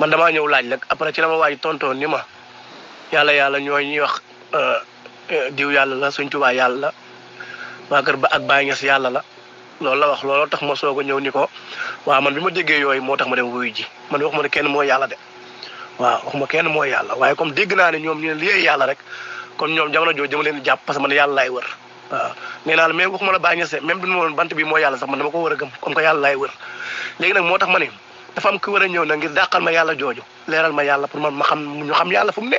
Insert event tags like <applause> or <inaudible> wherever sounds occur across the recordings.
man damaa ñëw laaj nag après ci la ma waaj tontoon ni ma yàlla yàlla ñooy ñuy wax euh, euh, diw yàlla la suñ tubaa yàlla la waa kër ba ak Baay Ñas yàlla la loolu la wax looloo tax ma soog a ñëw ni ko waaw man bi ma déggee yooyu moo tax ma dem ji man waxuma ne kenn moo yàlla de waaw waxuma kenn mooy yàlla waaye comme dégg naa ne ñoom ñu ne lii yàlla rek kon ñoom jamono jooju dama leen jàpp parce que man yàlla laay wër nee naa la même waxuma la Baay Ñas même duñu woon bant bi moo yàlla sax man dama ko war a gëm comme que yàlla laay moo tax ma ne dafa am ku war a ñëw na ngir dàqal ma yàlla jooju leeral ma yàlla pour man ma xam ñu xam yàlla fu mu ne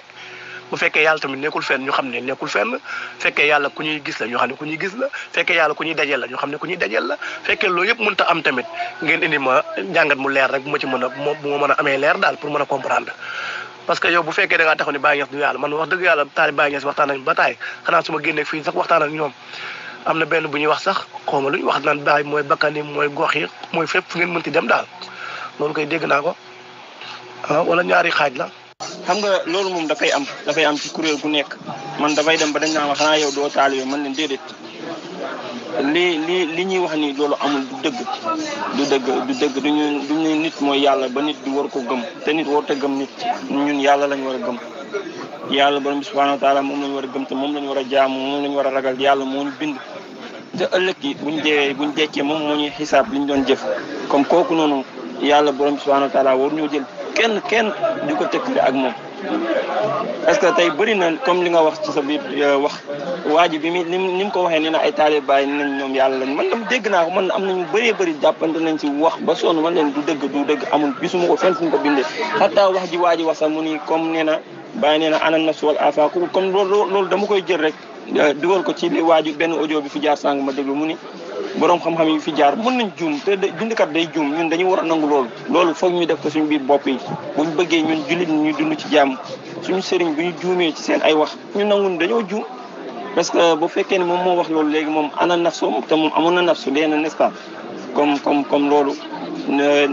bu fekkee yàlla tamit nekkul fenn ñu yàlla ku ñuy gis la ñu xam ne ku ñuy gis la fekkee yàlla ku ñuy dajeel la ñu xam ne ku ñuy dajeel la fekkee loolu yëpp mënta am tamit ngeen indi ma jàngat mu leer rek bu ma ci mën a bu ma mën a amee leer daal pour mën a comprendre parce que yow bu fekkee da ngaa taxaw ne Baye Niass du yàlla man wax dëgg yàlla taali Baye Niass waxtaan nañ xanaa su ak ñoom am na benn bu ñuy wax sax xawma lu ñu wax naan Baye mooy bakkan mooy gox yi mooy fépp fu ngeen mënti dem daal loolu koy dégg naa ko ah wala ñaari xaaj la. xam nga loolu moom dafay am dafay am ci kuréel gu nekk man dafay dem ba dañ naan xanaa yow doo taalibe man leen déedéet li li li ñuy wax nii loolu amul du dëgg du dëgg du dëgg duñu duñu nit mooy yàlla ba nit di war ko gëm te nit warut a gëm nit ñun yàlla lañ war a gëm. yàlla borom bi subhanahu wa taala moom lañu war a gëm te moom lañu war a jaamu moom lañu war a ragal yàlla moo ñu bind te ëllëg yi buñ deewee buñ deccee moom moo ñuy xisaab doon jëf comme kooku noonu. yàlla borom subhanahu wa taala war ñoo jël kenn kenn di ko tëkkale ak moom parce que tey bëri na comme li nga wax ci sa biir euh, wax waa ji bi mi ni ni mu ko waxee nee na ay taalibe bàyyi nañ ñoom yàlla lañ man dam dégg naa ko man am na ñu bëree bari jàppante nañ ci wax ba sonn man leen du dëgg du dëgg amul gisuma ko fenn fu ko bindee xataa wax ji waa wax sax mu ni comme nee na bàyyi nee na anan na suwal afa comme loolu loolu dama koy jël rek euh, dugal ko ci li waa ji bi fi jaar sàng ma déglu mu ni boroom xam-xam yi fi jaar mën nañ juum te dundikat day juum ñun dañu war a nangu loolu loolu foog ñu def ko suñu biir bopp yi buñ bëggee ñun jullit ñu dund ci jàmm suñu sëriñ bu ñu juumee ci seen ay wax ñu nangu dañoo juum parce que bu fekkee ne moom moo wax loolu léegi moom ana nafsu te moom amoon na nafsu su na n'est-ce pas comme comme comme loolu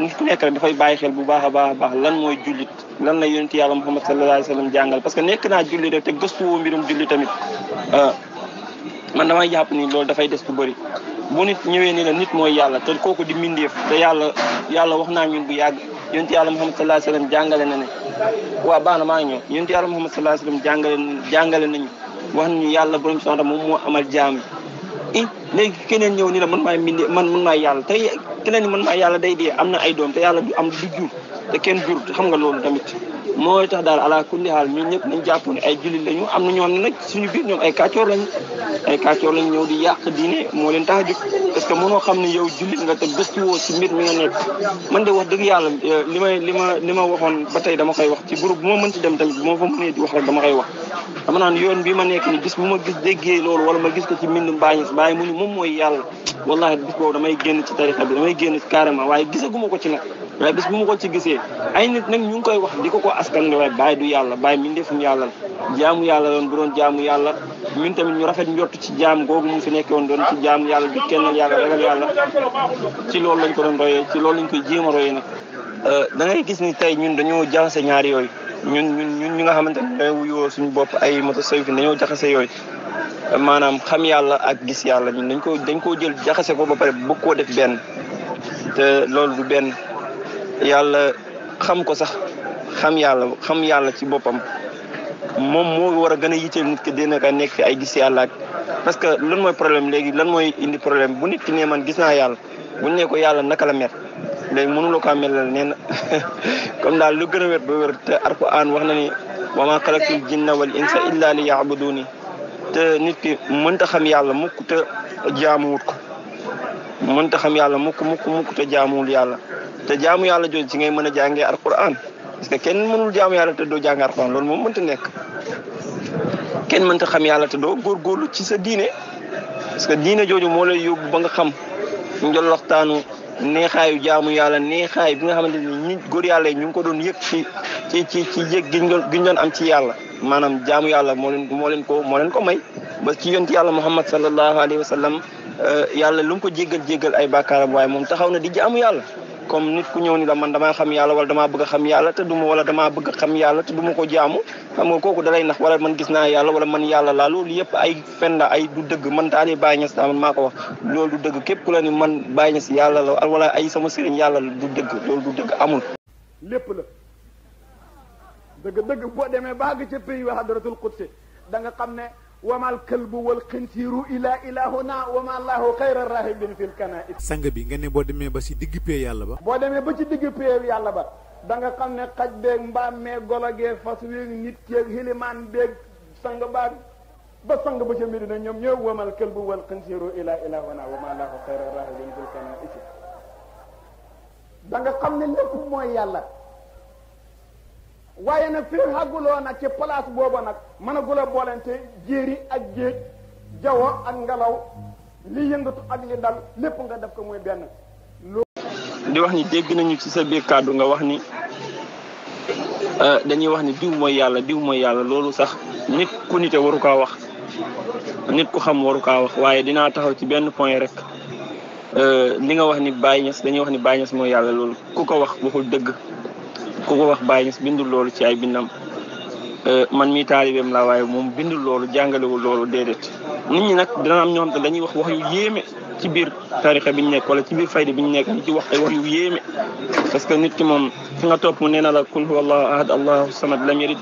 nit ku nekk rek dafay bàyyi xel bu baax a baax a lan mooy jullit lan la yonent yàlla Muhammad sallallahu alayhi wa sallam jàngal parce que nekk naa jullit rek te gëstuwoo mbirum jullit tamit ah, man damay jàpp ni loolu dafay des bu bëri bu nit ñëwee nii la nit mooy yàlla te kooku di mbindeef te yàlla yàlla wax naa ñun bu yàgg yonent yàlla Muhammad sallallahu alayhi wasallam jàngale na ne waaw baax maa ngi ñëw yonent yàlla Muhammad sallallahu alayhi wasallam jàngale jàngale nañu wax nañu yàlla borom subhanahu moom moo amal jaam i léegi keneen ñëw nii la man maay mbindee man man maay yàlla te keneen man maay yàlla day dee am na ay doom te yàlla du am du jur te kenn jur xam nga loolu tamit mooy tax daal ala kulli haal ñun ñëpp nañ jàpp ne ay jullit lañu am na ñoo xam ne nag suñu biir ñoom ay kàccoor lañu ay kàccoor ñëw di yàq diine moo leen tax a parce que mënoo xam ne yow jullit nga te gëstu woo si mbir mi nga nekk man de wax dëgg yàlla euh, li may li ma li ma waxoon ba tey dama koy wax ci groupe bu ma mën ci dem tamit bu ma fa mënee di wax rek dama koy wax dama naan yoon bi ma nekk ni gis bu ma gis déggee loolu wala ma gis ko ci mbind mbaañis bàyyi mu ni moom mooy yàlla wallahi bis boobu damay génn ci tarixa génn carrément waaye gisaguma ko ci nag waaye bis bu ma ko ci gisee ay nit nag ñu ngi koy wax di ko ko askan la waaye bàyyi du yàlla bàyyi mi ndefum yàlla jaamu yàlla loon bu doon jaamu yàlla ñun tamit ñu rafet njott ci jaam googu mu doon ci jaamu yàlla di kennal yàlla ragal yàlla ci loolu lañ ko doon royee ci loolu lañ koy jéem a royee nag euh, dangay gis ni tey ñun dañoo jaxase ñaari yooyu ñun ñun ñun ñi nga xamante ne day wuyoo suñu bopp ay moto sayfin dañoo jaxase yooyu maanaam xam yàlla ak gis yàlla ñun dañ ko dañ koo jël jaxase ko ba pare bëgg koo def benn te loolu du benn yàlla xam ko sax xam yàlla xam yàlla ci boppam moom moo war a gën a yitteel nit ki dina ka nekk fi ay gis yàlla ak parce que lan mooy problème léegi lan mooy indi problème bu nit ki ne man gis naa yàlla bu ñu ko yàlla naka la mer léegi mënuloo ko melal nee na comme <laughs> daal lu gën a wér ba wér te alquran wax na ni wa maa xalaqtul jinna wal insa illa li yaabuduni te nit ki mënta xam yàlla mukk te jaamuwut ko mënta xam yàlla mukk mukk mukk te jaamuwul yàlla te jaamu yàlla jooju ci ngay mën a jàngee alquran parce que kenn mënul jaamu yàlla te doo jàng alquran loolu moom mënta nekk kenn mënta xam yàlla te doo góor góorgóorlu ci sa diine parce que diine jooju moo lay yóbbu ba nga xam njolloxtaanu neexaayu jaamu yàlla neexaay bi nga xamante ni ñi góor yàlla yi ñu ngi ko doon yëg ci ci ci ci yëg gi ñu doon am ci yàlla maanaam jaamu yàlla moo leen moo leen ko moo leen ko may ba ci yonent yàlla muhammad sallallahu alayhi wa sallam euh, yàlla lu mu ko jéggal jéggal ay bàkkaaram waaye moom taxaw na di jaamu yàlla comme nit ku ñëw ni la man damaa xam yàlla wala damaa bëgg xam yàlla te du ma wala damaa bëgg a yàlla te du ma ko jaamu xam nga kooku dalay nax wala man gis naa yàlla wala man yàlla laa loolu yëpp ay fen la ay du dëgg man taalee Baye Niass daa maa ko wax loolu du dëgg képp la ni man Baye Niass yàlla la wala ay sama sëriñ yàlla la du dëgg loolu du dëgg amul lépp la dëgg dëgg boo demee baa nga ca pays wa hadratul qudsi da xam ne wama alkalbu wal xinsiiru ilaa ilaahuna wama allahu xayra rahibin fil kanaa'is sang bi nga ne boo demee ba si digg yàlla ba boo demee ba ci digg yàlla ba da nga xam ne xaj beeg mbaam mee golo gee fas weeg nit keeg xilimaan beeg ba sang ba ca ñoom ñoo wamal kalbu wal xinsiiru ilaa ilaahuna wama allahu xayra xam ne lépp mooy yàlla waaye nag fi xàgguloo nag ci place booba nag mën a gula boolente jéeri ak géej jawo ak ngelaw li yëngatu ak li dal lépp nga def ko muy benn di wax ni dégg nañu ci sa biir kàddu nga wax ni euh, dañuy wax ni diw mooy yàlla diw mooy yàlla loolu sax nit ku nite waru kaa wax nit ku xam waru kaa wax waaye dinaa taxaw ci benn point rek ni euh, nga wax ni Baye Niass dañuy wax ni Baye Niass mooy yàlla loolu ku ko wax waxul dëgg ku ko wax Baye Niass bindul loolu ci ay bindam euh, man mii taalibeem laa waaye moom bindul loolu jàngalewul loolu déedéet nit ñi nag dana am ñoo xam te wax wax yu yéeme ci biir tarixa bi ñu nekk ci biir fayda bi ñu nekk di wax ay wax yu yéeme parce que nit ki moom fi nga topp mu nee na la kul huwa allahu ahad allahu samad lam yalid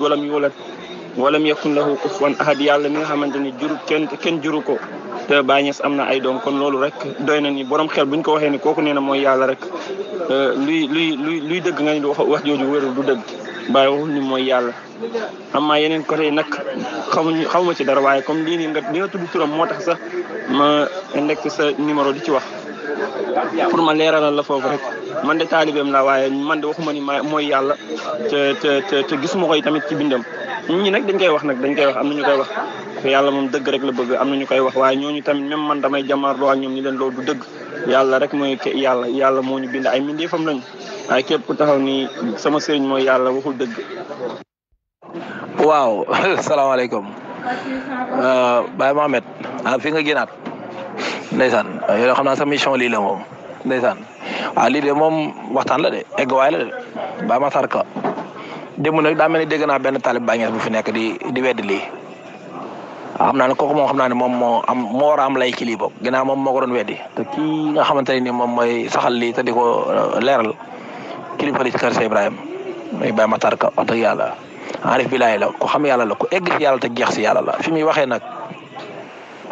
walam yakun lahu kufuwan ahad yàlla ni nga xamante ni juru kenn kenn juru ko te Baay Ñas am na ay doom kon loolu rek doy na ni borom xel bu ñu ko waxee ni kooku nee na mooy yàlla rek luy luy luy luy dëgg nga ni wax wax jooju wérul du dëgg Baay waxul mooy yàlla amma yeneen côté yi nag xamuñu xamuma ci dara waaye comme lii nii nga li nga tudd moo tax sax ma ndekk sa numéro di ci wax pour ma leeralal la foofu rek man de taalibeem la waaye man de waxuma ni ma mooy yàlla te te te gisuma ko tamit ci bindam ñun ñi nag dañ koy wax nag dañ koy wax am na ñu koy wax yàlla moom dëgg rek la bëgg am na ñu koy wax waaye ñooñu tamit même man damay jamaarloo ak ñoom ñu leen loolu dëgg yàlla rek mooy yàlla yàlla moo ñu bind ay mbindeefam lañu waaye képp ku taxaw ni sama sëriñ mooy yàlla waxul dëgg. waaw <laughs> salaamaaleykum euh, Baye Mohamed ah fi nga gënaat ndeysaan yoo xam naa sa mission lii la moom ndeysaan ah lii de moom waxtaan la de egg waay la de Baye Matar Ka démb nag daa mel ni dégg naa benn talib bàññees bu fi nekk di di weddi lii xam naa ne kooku moom xam naa ne moom moo am moo am lay ci lii bokk moom moo ko doon weddi te kii nga xamante ne ni moom mooy saxal lii te di ko euh, leeral kilifa li ci kër Cheikh Ibrahima muy Baye Matar wax dëgg yàlla arif bilaay la ko xam yàlla la ko egg si yàlla te jeex si yàlla la fi muy waxee nag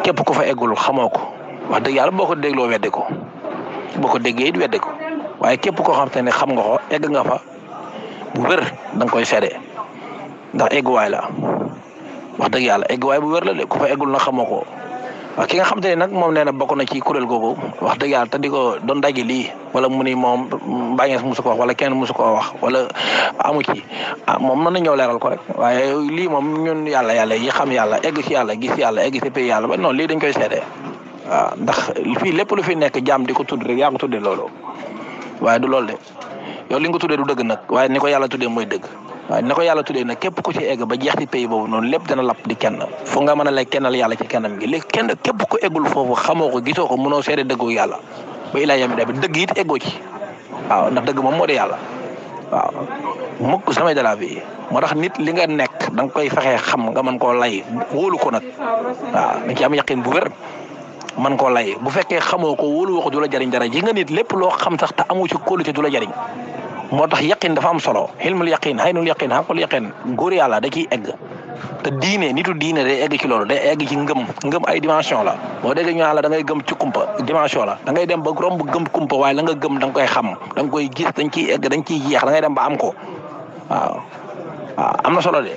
képp ku fa eggul xamoo ko wax dëgg yàlla boo ko dégloo weddi ko boo ko déggee it weddi ko waaye képp koo xam ne xam nga ko egg nga fa bu wér da koy seede ndax egguwaay la wax dëgg yàlla egguwaay bu wër la de ko fa eggul na xamoo ko waaw ki nga xam te ne nag moom nee na bokk na ci kuréel googu wax dëgg yàlla te di ko doon daggi lii wala mu moom mbàñees musu ko wax wala kenn musu koo wax wala amu ci ah moom mën na ñëw leeral ko rek waaye lii moom ñun yàlla yàlla yi xam yàlla egg ci yàlla gis yàlla egg ci pays yàlla ba non lii dañ koy seede waaw ndax fii lépp lu fi nekk jaam di ko tudd rek yaa ngi tuddee loolu waaye du loolu yow li nga tuddee du dëgg nag waaye ni ko yàlla tuddee mooy dëgg waaye ko yàlla tuddee nag képp ku ci egg ba jeex ci pays boobu noonu lépp dana lapp di kenn fu nga mën a lay kennal yàlla ci kennam gi léegi kenn képp ku eggul foofu xamoo ko gisoo ko mënoo seede dëggu yàlla ba ilaa yami day bi dëgg it eggoo ci waaw ndax dëgg moom moo di yàlla waaw mukk samay dalaa bi moo tax nit li nga nekk da nga koy fexee xam nga man koo lay wóolu ko nag waaw da ci am yaqin bu wér man koo lay bu fekkee xamoo ko wóolu ko du la jariñ dara ji nga nit lépp loo xam sax te amu ci kóolu du la jariñ moo tax yaqin dafa am solo xilmul yaqin xaynul yaqin xaqul yaqin góor yàlla da ciy egg te diine nitu diine da egg ci loolu day egg ci ngëm ngëm ay dimension la moo déggee ñu la da ngay gëm ci kumpa dimension la da ngay dem ba romb gëm kumpa waaye la nga gëm da nga koy xam da koy gis dañ ciy egg dañ ciy jeex da dem ba am ko waaw waaw am na solo de.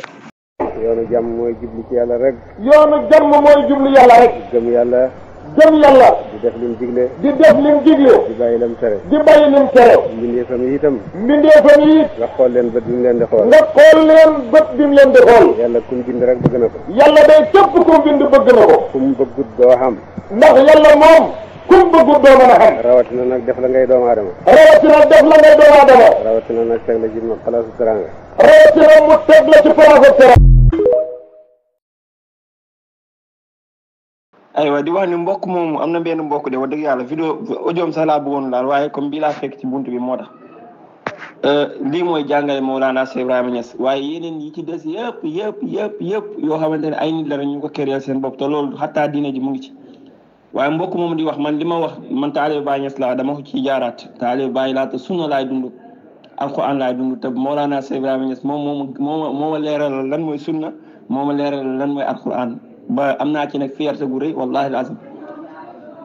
yoonu jàmm mooy jublu ci yàlla rek. yoonu jàmm mooy jublu yàlla rek. gëm yàlla. di def lim digle. di def lim digle. di di bàyyi lim tere. mbindeefam yi itam. mbindeefam yi. nga xool leen bët bi mu leen di xool. nga xool leen bët bi mu leen di xool. yàlla kum bind rek bëgg na ko. yàlla day képp kum bind bëgg na ko. kum bëggut doo ndax yàlla moom. kum bëggut doo mën a xam. na def la ngay doomu aadama. rawatina def la ngay doomu aadama. rawatina nag teg mu teg la ci palaasu teraanga. aywa di wax ni mbokk moom am na benn mbokk de dëgg yàlla vidéo audio sax laa bëggoon laal waaye comme bii laa fekk ci buntu bi moo tax euh, lii mooy jàngale Mawlana Cheikh Ibrahima Niass waaye yeneen yi ci des yëpp yëpp yëpp yoo xamante ne ay nit la rek ñu ko kéréel seen bopp te loolu xataa diine ji mu ngi ci waaye mbokk moomu di wax man li ma wax man taalibe Baay Niass laa dama ko ciy jaaraat taalibe Baay laa te sunna laay dund alxuraan laay dund te Mawlana Cheikh Ibrahima Niass moom moo ma moo ma lan mooy sunna moo ma leeralal lan mooy alxuraan ba am naa ci nag fierté gu rëy wallahi lazim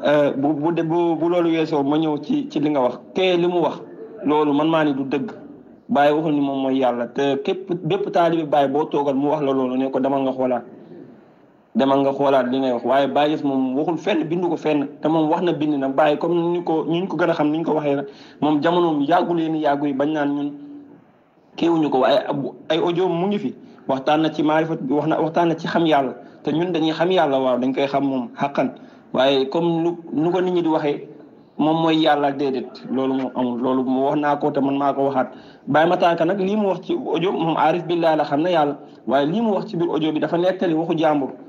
euh, bu bu bu bu loolu weesoo ma ñëw ci ci li nga wax kee li mu wax loolu man maa ni du dëgg Baye waxul ni moom mooy yàlla te képp bépp taalibi Baye boo toogal mu wax la loolu ne ko demal nga xoolaat demal nga xoolaat li ngay wax waaye bàyyi Niass moom waxul fenn bindu ko fenn te moom wax na bind na Baye comme ni ñu ko ñu ko gën a xam ni ñu ko waxee na moom jamonoom yàggul yéen yàggu yi bañ naan ñun kéewuñu ko waaye ay audio mu ngi fi. waxtaan na ci maarifat wax na waxtaan na ci xam yàlla te ñun dañuy xam yàlla waaw dañ koy xam moom xàqan waaye comme nu nu ko nit ñi di waxee moom mooy yàlla déedéet loolu moo amul loolu mu wax naa ko te man maa ko waxaat bàyyi ma tànk nag lii mu wax ci audio moom aarif billah la xam na yàlla waaye lii mu wax ci biir audio bi dafa nettali waxu jàmbur